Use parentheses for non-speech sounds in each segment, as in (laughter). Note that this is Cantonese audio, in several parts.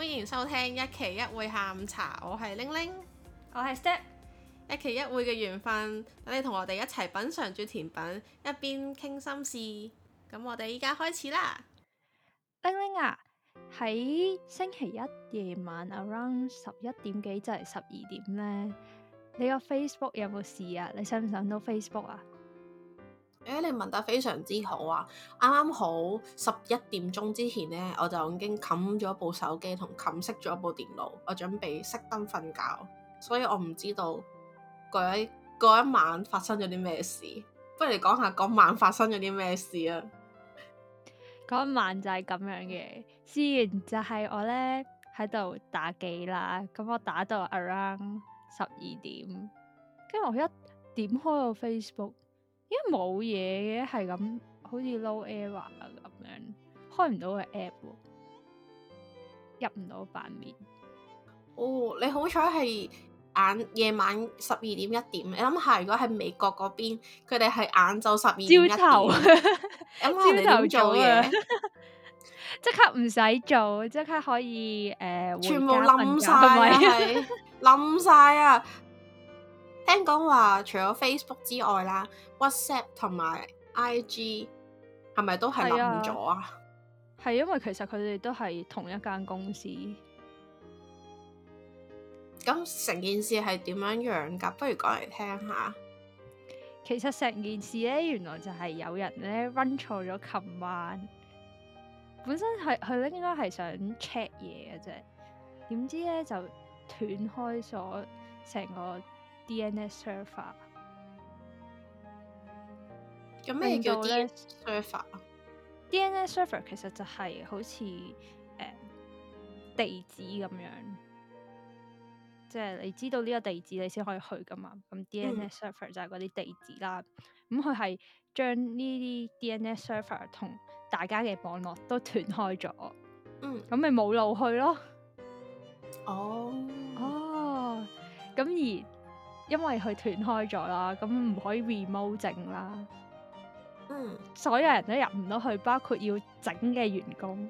歡迎收聽一期一會下午茶，我係玲玲，我係是 Step，一期一會嘅緣分，等你同我哋一齊品嘗住甜品，一邊傾心事。咁我哋依家開始啦，玲玲啊，喺星期一夜晚 around 十一點幾即係十二點呢？你個 Facebook 有冇事啊？你上唔上到 Facebook 啊？誒、欸，你問得非常之好啊！啱啱好十一點鐘之前呢，我就已經冚咗部手機同冚熄咗部電腦，我準備熄燈瞓覺，所以我唔知道嗰一一晚發生咗啲咩事。不如講下嗰晚發生咗啲咩事啊？嗰一晚就係咁樣嘅，事緣就係我咧喺度打機啦。咁我打到 around 十二點，跟住我一點開到 Facebook，因為冇嘢嘅，係咁好似 low error 啊咁樣，開唔到個 app，入唔到版面。哦，你好彩係晚夜晚十二點一點，你諗下如果喺美國嗰邊，佢哋係晏晝十二點。朝頭上，朝頭、 (laughs) 嗯、做嘢！即上 (laughs) 刻唔使做，即刻可以誒，呃、全部冧晒，係冧晒啊！是 (laughs) 聽講話除咗 Facebook 之外啦，WhatsApp 同埋 IG 係咪都係咁咗啊？係因為其實佢哋都係同一間公司。咁成件事係點樣樣㗎？不如講嚟聽下。其實成件事咧，原來就係有人咧 run 錯咗，琴晚本身係佢咧應該係想 check 嘢嘅啫，點知咧就斷開咗成個。D N S server，咁咩叫 D N S server？D N S server 其實就係好似誒、嗯、地址咁樣，即、就、係、是、你知道呢個地址你先可以去噶嘛。咁 D N S、嗯、server 就係嗰啲地址啦。咁佢係將呢啲 D N S server 同大家嘅網絡都斷開咗，咁咪冇路去咯。哦，哦，咁而。因為佢斷開咗啦，咁唔可以 remoting 啦。嗯、所有人都入唔到去，包括要整嘅員工，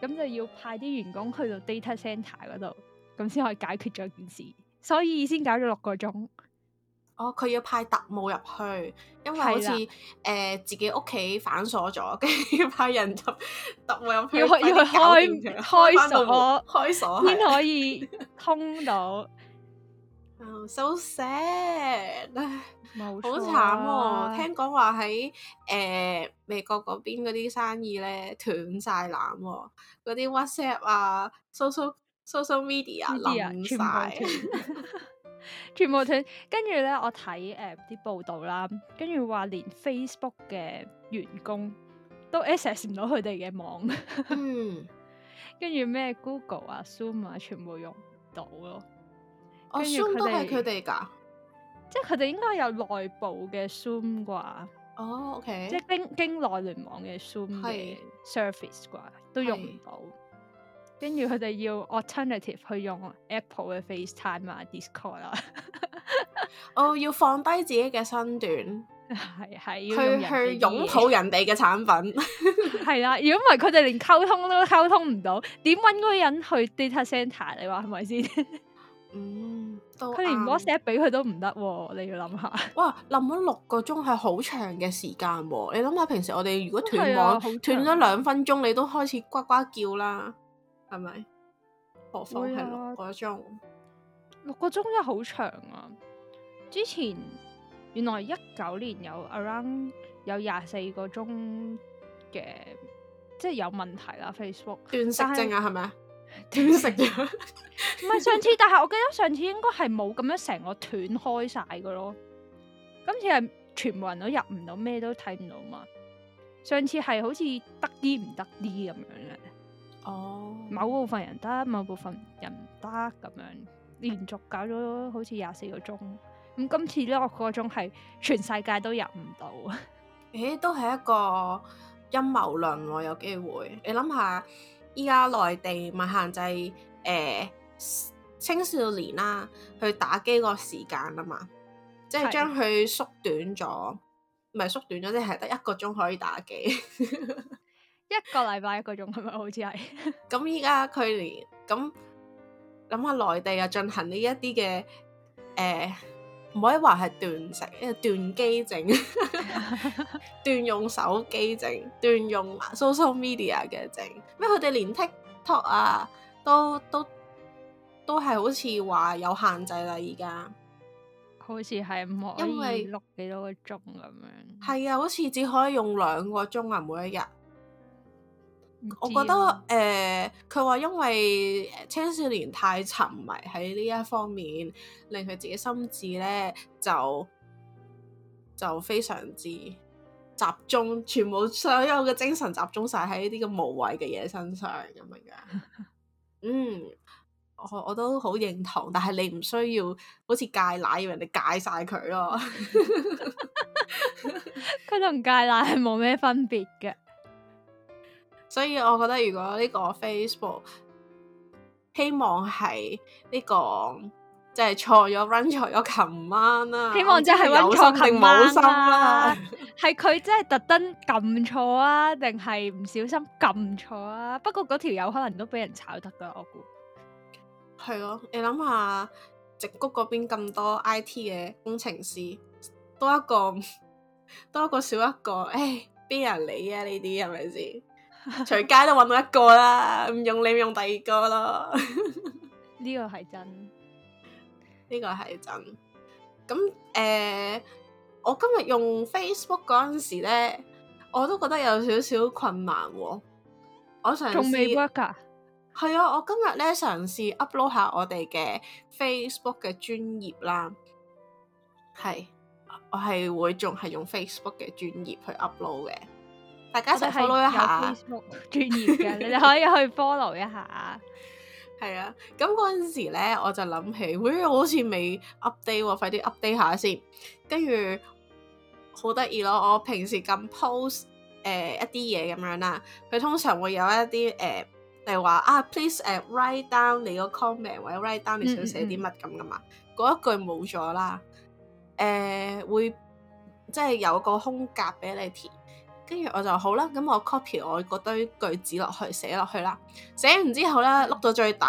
咁就要派啲員工去到 data center 嗰度，咁先可以解決咗件事。所以先搞咗六個鐘。哦，佢要派特務入去，因為好似誒了、呃、自己屋企反鎖咗，跟 (laughs) 住要派人就特務要要去開開鎖，開鎖先可以通到。 (laughs) (laughs) Oh, so sad，好慘喎！聽講話喺誒美國嗰邊嗰啲生意咧斷晒纜，嗰啲、哦、WhatsApp 啊、social social so so so media 冧晒，全部斷。跟住咧，我睇誒啲報道啦，跟住話連 Facebook 嘅員工都 access 唔到佢哋嘅網，嗯，跟住咩 Google 啊、Zoom 啊，全部用唔到咯。Oh, Zoom 都係佢哋噶，即係佢哋應該有內部嘅 Zoom 啩？哦，OK，即係經經內聯網嘅 Zoom 嘅 surface 啩是，都用唔到。跟住佢哋要 alternative 去用 Apple 嘅 FaceTime 啊，Discord 啦。哦，oh, (laughs) 要放低自己嘅身段，係係 (laughs) 去去擁抱人哋嘅產品，係啦、啊。如果唔係，佢哋連溝通都溝通唔到，點揾嗰個人去 data center？你話係咪先？是 (laughs) 嗯，佢到連 WhatsApp 俾佢都唔得喎，你要諗下。哇，冧咗六個鐘係好長嘅時間喎、啊，你諗下平時我哋如果斷網斷咗兩分鐘，你都開始呱呱叫啦，係咪？何況係六個鐘，六、哎、個鐘真係好長啊！之前原來一九年有 around 有廿四個鐘嘅，即、就、係、是、有問題啦，Facebook 斷但食症啊，係咪啊？點食咗？唔係 (laughs) 上次，但係我記得上次應該係冇咁樣成個斷開晒噶咯。今次係全部人都入唔到，咩都睇唔到嘛。上次係好似得啲唔得啲咁樣嘅。哦，oh. 某部分人得，某部分人唔得咁樣，連續搞咗好似廿四個鐘。咁今次呢，我個個鐘係全世界都入唔到啊！誒、欸，都係一個陰謀論，有機會你諗下。依家內地咪限制誒青、呃、少年啦、啊，去打機個時間啊嘛，即係將佢縮短咗，唔係的縮短咗，即係得一個鐘可以打機， (laughs) 一個禮拜一個鐘係咪？好似係。咁依家佢咁諗下內地又進行呢一啲嘅誒。呃唔可以話係斷食，係斷機整、 (laughs) 斷用手機整、斷用 social media 嘅整。咩？佢哋連 TikTok 啊，都都都係好似話有限制啦，而家好似係冇，因為六幾多個鐘咁樣。係啊，好似只可以用兩個鐘啊，每一日。我覺得誒，佢、呃、話因為青少年太沉迷喺呢一方面，令佢自己心智咧就就非常之集中，全部所有嘅精神集中晒喺呢啲咁無謂嘅嘢身上咁樣嘅。嗯，我我都好認同，但係你唔需要好似戒奶要人哋戒晒佢咯。佢 (laughs) 同 (laughs) 戒奶係冇咩分別嘅。所以，我覺得如果呢個 Facebook 希望係呢、這個即係、就是、錯咗，run 錯咗琴晚啦、啊，希望即係 run 錯冇心啦，係佢、嗯、真係特登撳錯啊，定係唔小心撳錯啊？不過嗰條友可能都俾人炒得㗎，我估係咯。你諗下，直谷嗰邊咁多 IT 嘅工程師，多一個多一個少一個，誒、欸，邊人理啊？呢啲係咪先？是隨 (laughs) 街都揾到一個啦，唔用你唔用第二個咯。呢個係真，呢個係真。咁誒、呃，我今日用 Facebook 嗰陣時咧，我都覺得有少少困難、哦。我嘗試仲未 work 噶？係啊，我今日咧嘗試 upload 下我哋嘅 Facebook 嘅專頁啦。係，我係會仲係用 Facebook 嘅專頁去 upload 嘅。大家食 follow 一下，專業嘅， (laughs) 你哋可以去 follow 一下。係 (laughs) 啊，咁嗰陣時咧，我就諗起，喂、哎，好似未 update 喎、哦，快啲 update 下先。跟住好得意咯，我平時咁 post 誒、呃、一啲嘢咁樣啦，佢通常會有一啲誒、呃，例如話啊，please 誒、呃、write down 你個 comment 或者 write down 你想寫啲乜咁噶嘛，嗰、嗯嗯嗯、一句冇咗啦，誒、呃、會即係有個空格俾你填。跟住我就好啦，咁我 copy 我嗰堆句子落去寫落去啦。寫完之後咧，碌到最底，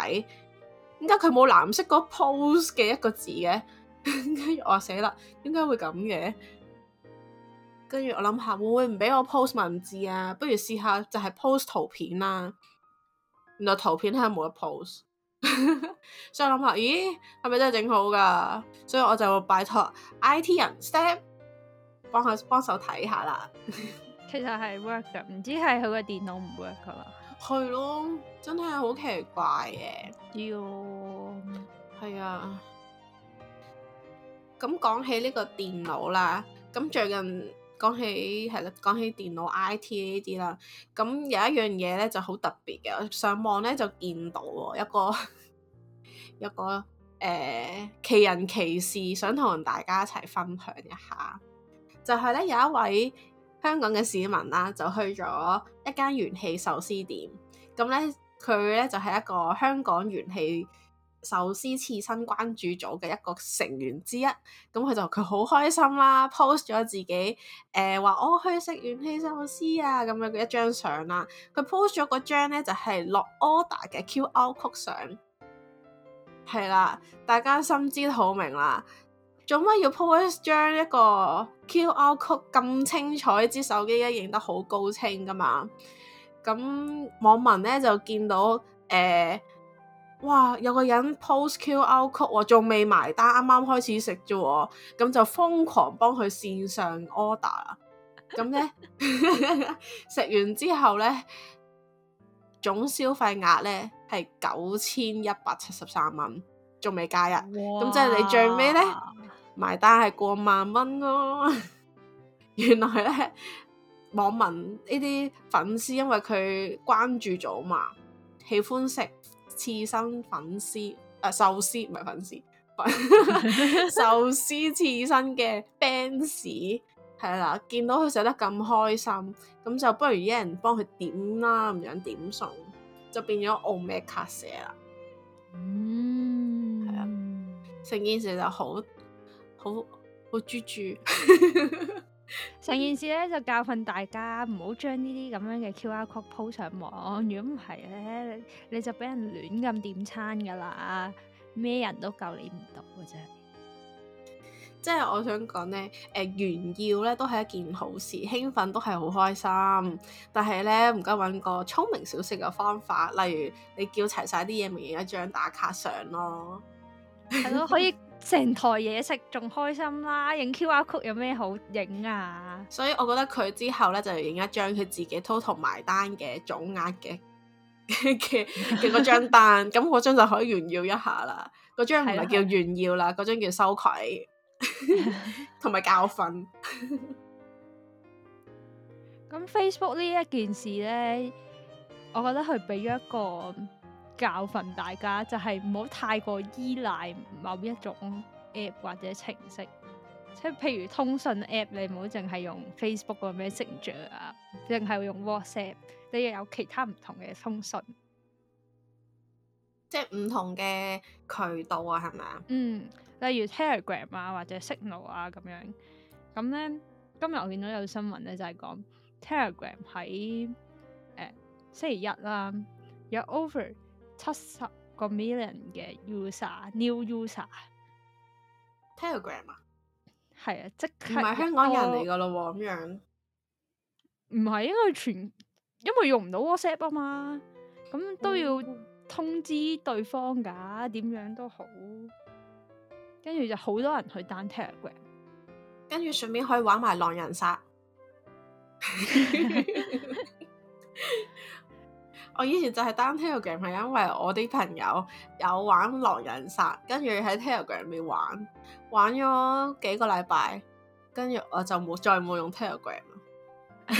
點解佢冇藍色嗰 post 嘅一個字嘅？跟 (laughs) 住我寫啦，點解會咁嘅？跟住我諗下，會唔會唔俾我 post 文字啊？不如試下就係 post 圖片啦、啊。原來圖片係冇得 post，所以諗下，咦，係咪真係整好噶？所以我就拜託 IT 人 step 幫下幫手睇下啦。 (laughs) 其實係 work 㗎，唔知係佢個電腦唔 work 啦。係咯，真係好奇怪嘅。要係啊，咁講起呢個電腦啦，咁最近講起係啦，講起電腦 IT 呢啲啦，咁有一樣嘢咧就好特別嘅，我上網咧就見到一個一個誒，奇人奇事，想同大家一齊分享一下，就係咧有一位，香港嘅市民啦，就去咗一間元氣壽司店，咁咧佢咧就係、是、一個香港元氣壽司刺身關注組嘅一個成員之一，咁佢就佢好開心啦、啊、，post 咗自己誒話、呃、我去食元氣壽司啊咁樣嘅一張相啦，佢 post 咗嗰張咧就係、是、落 order 嘅 QR 曲相。係啦，大家心知肚明啦。做乜要 post 將一個 QR code 咁清楚？一支手機咧影得好高清噶嘛？咁網民咧就見到誒、呃，哇！有個人 post QR code，仲未埋單，啱啱開始食啫喎，咁就瘋狂幫佢線上 order 啦。咁咧食完之後咧，總消費額咧係九千一百七十三蚊，仲未加一咁，即係哇你最尾咧。埋單係過萬蚊咯、哦，原來咧網民呢啲粉絲因為佢關注咗嘛，喜歡食刺身粉絲，誒、啊、壽司唔係粉絲，粉絲 (laughs) (laughs) 壽司刺身嘅 a fans 係啦，見到佢食得咁開心，咁就不如一人幫佢點啦，唔想點餸就變咗 omakase 啦，嗯，係啊，成件事就好。好好豬豬，成 (laughs) 件事咧就教訓大家，唔好將呢啲咁樣嘅 Q R code 鋪上網。如果唔係咧，你就俾人亂咁點餐噶啦，咩人都救你唔到嘅啫。即係我想講咧，誒、呃，炫耀咧都係一件好事，興奮都係好開心。但係咧，唔該搵個聰明少少嘅方法，例如你叫齊晒啲嘢，咪影一張打卡相咯，係咯，可以。成台嘢食仲開心啦，影 QR code 有咩好影啊？所以我覺得佢之後咧就影一張佢自己 total 埋單嘅總額嘅嘅嘅嗰張單，咁嗰 (laughs) 張就可以炫耀一下啦。嗰張唔係叫炫耀啦，嗰張叫 (laughs) 羞愧同埋教訓。咁 Facebook 呢一件事咧，我覺得佢俾咗一個。教訓大家就係唔好太過依賴某一種 app 或者程式，即係譬如通訊 app，你唔好淨係用 Facebook 個 Messenger 啊，淨係用 WhatsApp，你又有其他唔同嘅通訊，即係唔同嘅渠道啊，係咪啊？嗯，例如 Telegram 啊，或者 Signal 啊咁樣。咁咧，今日我見到有新聞咧，就係、是、講 Telegram 喺星期一啦，啊，有 over。七十個 million 嘅 user，new user，Telegram 啊，係啊，即係唔係香港人嚟噶咯？咁樣唔係，因為全因為用唔到 WhatsApp 啊嘛，咁都要通知對方噶，點樣都好，跟住就好多人去 down Telegram，跟住順便可以玩埋狼人殺。 (laughs) (laughs) 我以前就係 down Telegram 係因為我啲朋友有玩狼人殺，跟住喺 Telegram 入面玩，玩咗幾個禮拜，跟住我就冇再冇用 Telegram 啦。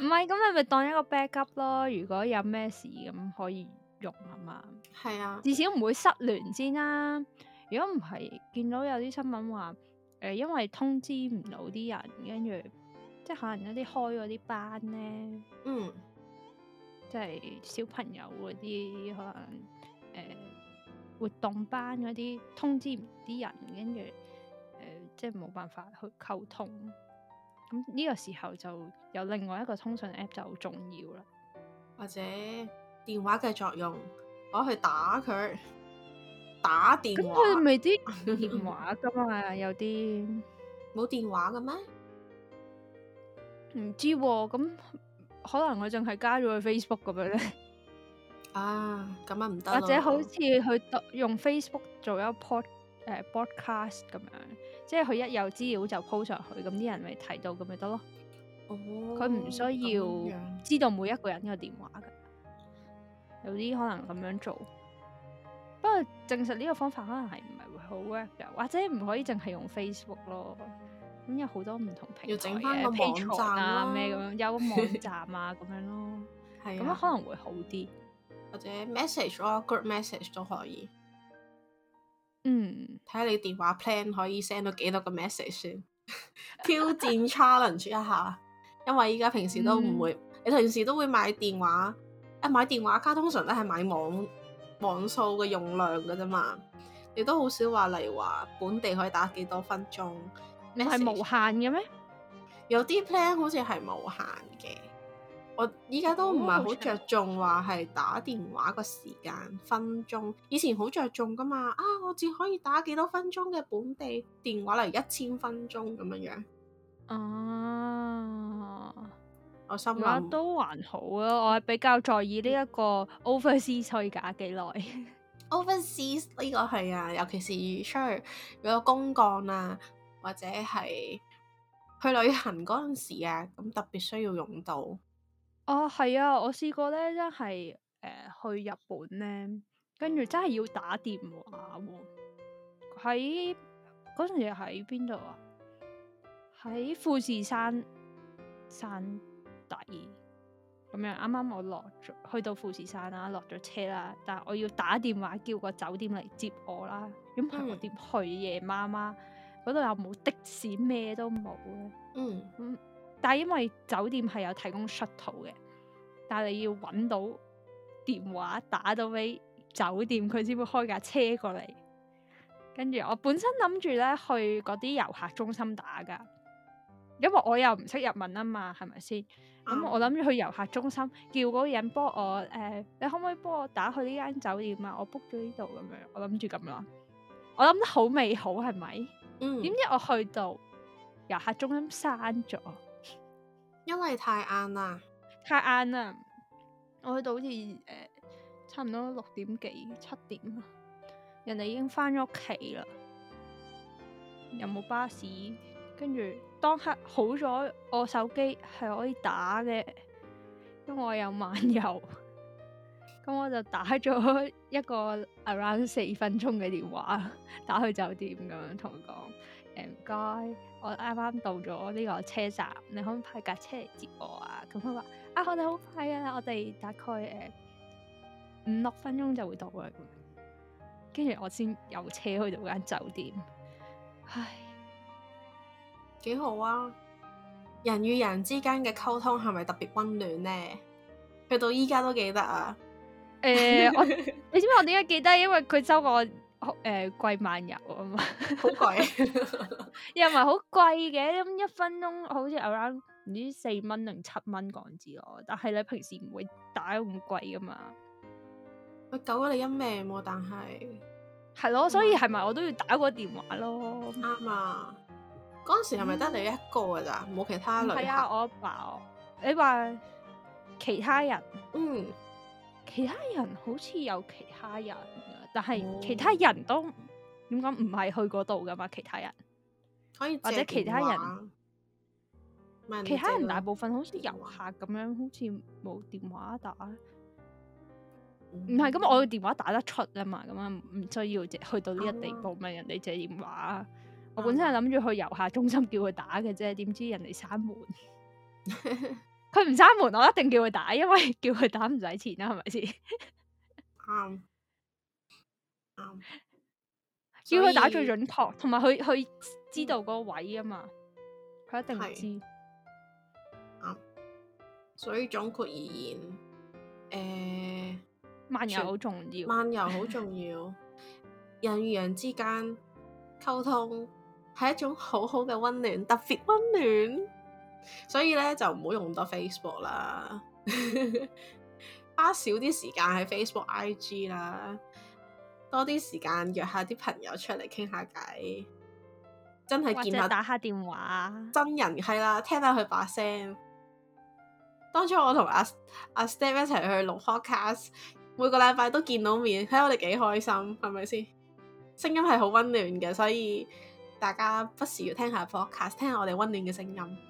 唔係咁，你咪當一個 backup 咯。如果有咩事咁可以用係嘛。係啊，至少唔會失聯先啦、啊。如果唔係，見到有啲新聞話，誒、呃、因為通知唔到啲人，跟住即係可能一啲開嗰啲班咧，嗯。即係小朋友嗰啲可能，誒、呃、活動班嗰啲通知唔到人，跟住誒即係冇辦法去溝通。咁、嗯、呢、這個時候就有另外一個通訊 app 就好重要啦。或者電話嘅作用，我去打佢打電話，佢未啲電話噶嘛？有啲冇電話嘅咩？唔知喎、哦、咁、嗯。可能我淨係加咗佢 Facebook 咁、啊、樣咧，啊咁啊唔得，或者好似佢用 Facebook 做一 pod 誒、呃、podcast 咁樣，即係佢一有資料就 post 上去，咁啲人咪睇到咁咪得咯。佢唔、哦、需要樣知道每一個人嘅電話噶，有啲可能咁樣做。不過證實呢個方法可能係唔係會好 work 嘅，或者唔可以淨係用 Facebook 咯。咁、嗯、有好多唔同平台，要整返個網站啊，咩咁、啊、樣 (laughs) 有個網站啊，咁樣咯，咁、 (laughs) 啊、樣可能會好啲，或者 message or、啊、group message 都可以。嗯，睇下你電話 plan 可以 send 到幾多個 message 先， (laughs) 挑戰 challenge 一下。 (laughs) 因為依家平時都唔會，嗯、你平時都會買電話，一、啊、買電話卡通常都係買網網數嘅用量嘅啫嘛。你都好少話，例如話本地可以打幾多分鐘。你係無限嘅咩？有啲 plan 好似係無限嘅。我依家都唔係好着重話係打電話個時間分鐘。以前好着重噶嘛啊！我只可以打幾多分鐘嘅本地電話啦，一千分鐘咁樣樣。啊，uh, 我心諗都還好啊。我係比較在意呢一個 overseas 可以打幾耐。 (laughs) overseas 呢個係啊，尤其是出去如果公幹啊。或者係去旅行嗰陣時啊，咁特別需要用到哦。係啊，啊，我試過咧，真係誒、呃、去日本咧，跟住真係要打電話喎。喺嗰陣時喺邊度啊？喺、那個啊、富士山山底咁樣，啱啱我落咗去到富士山啦，啊，落咗車啦，但係我要打電話叫個酒店嚟接我啦，咁係、嗯、我點去夜媽媽、啊。嗰度又冇的士咩都冇咧，嗯，嗯，但係因為酒店係有提供 shuttle 嘅，但係你要揾到電話打到俾酒店，佢先會開架車過嚟。跟住我本身諗住咧去嗰啲遊客中心打㗎，因為我又唔識日文啊嘛，係咪先？咁、嗯嗯、我諗住去遊客中心叫嗰個人幫我誒、呃，你可唔可以幫我打去呢間酒店啊？我 book 咗呢度咁樣，我諗住咁咯。我諗得好美好係咪？嗯，點知我去到遊客中心閂咗，因為太晏啦，太晏啦，我去到好似、呃、差唔多六點幾七點啦，人哋已經翻咗屋企啦，又冇巴士，跟住當刻好彩，我手機係可以打嘅，因為我有漫遊。咁我就打咗一個 around 四分鐘嘅電話，打去酒店咁樣同佢講，唔該、欸,我啱啱到咗呢個車站，你可唔可以派架車嚟接我啊？咁佢話啊，我哋好快噶啦，我哋大概誒五六分鐘就會到嘅。跟住我先有車去到間酒店，唉，幾好啊！人與人之間嘅溝通係咪特別溫暖咧？去到依家都記得啊！誒 (laughs) 、呃，我你知唔知我點解記得？因為佢收過我誒貴漫遊啊嘛，好貴又唔係好貴嘅，咁一分鐘好似 around 唔知四蚊定七蚊港紙咯。但係你平時唔會打咁貴噶嘛。喂，救咗你一命喎、啊！但係係咯，嗯、所以係咪我都要打個電話咯？啱、嗯、啊！嗰陣時係咪得你一個噶咋？冇、嗯、其他女？客？係啊，我阿爸我。你話其他人？嗯。其他人好似有其他人，但係其他人都點講唔係去嗰度㗎嘛？其他人可以或者其他人，人其他人大部分好似啲遊客咁樣，話好似冇電話打。唔係咁，我電話打得出㗎嘛，咁啊唔需要去到呢一地步問、啊、人哋借電話。啊、我本身係諗住去遊客中心叫佢打嘅啫，點知人哋閂門。 (laughs) 佢唔閂門，我一定叫佢打，因為叫佢打唔使錢啦，係咪先？啱 (laughs) 啱、um, um, 叫佢打最準確，同埋佢佢知道嗰個位啊嘛，佢一定係知。啱，um, 所以總括而言，誒、呃，漫遊好重要，漫遊好重要。 (laughs) 人與人之間溝通係一種好好嘅溫暖，特別溫暖。所以咧就唔好用咁多 Facebook 啦， (laughs) 花少啲時間喺 Facebook、IG 啦，多啲時間約下啲朋友出嚟傾下偈，真係見下打下電話，真人係啦，聽下佢把聲。當初我同阿阿 Stan 一齊去錄 Podcast，每個禮拜都見到面，睇、哎、我哋幾開心，係咪先？聲音係好溫暖嘅，所以大家不時要聽下 Podcast，聽下我哋溫暖嘅聲音。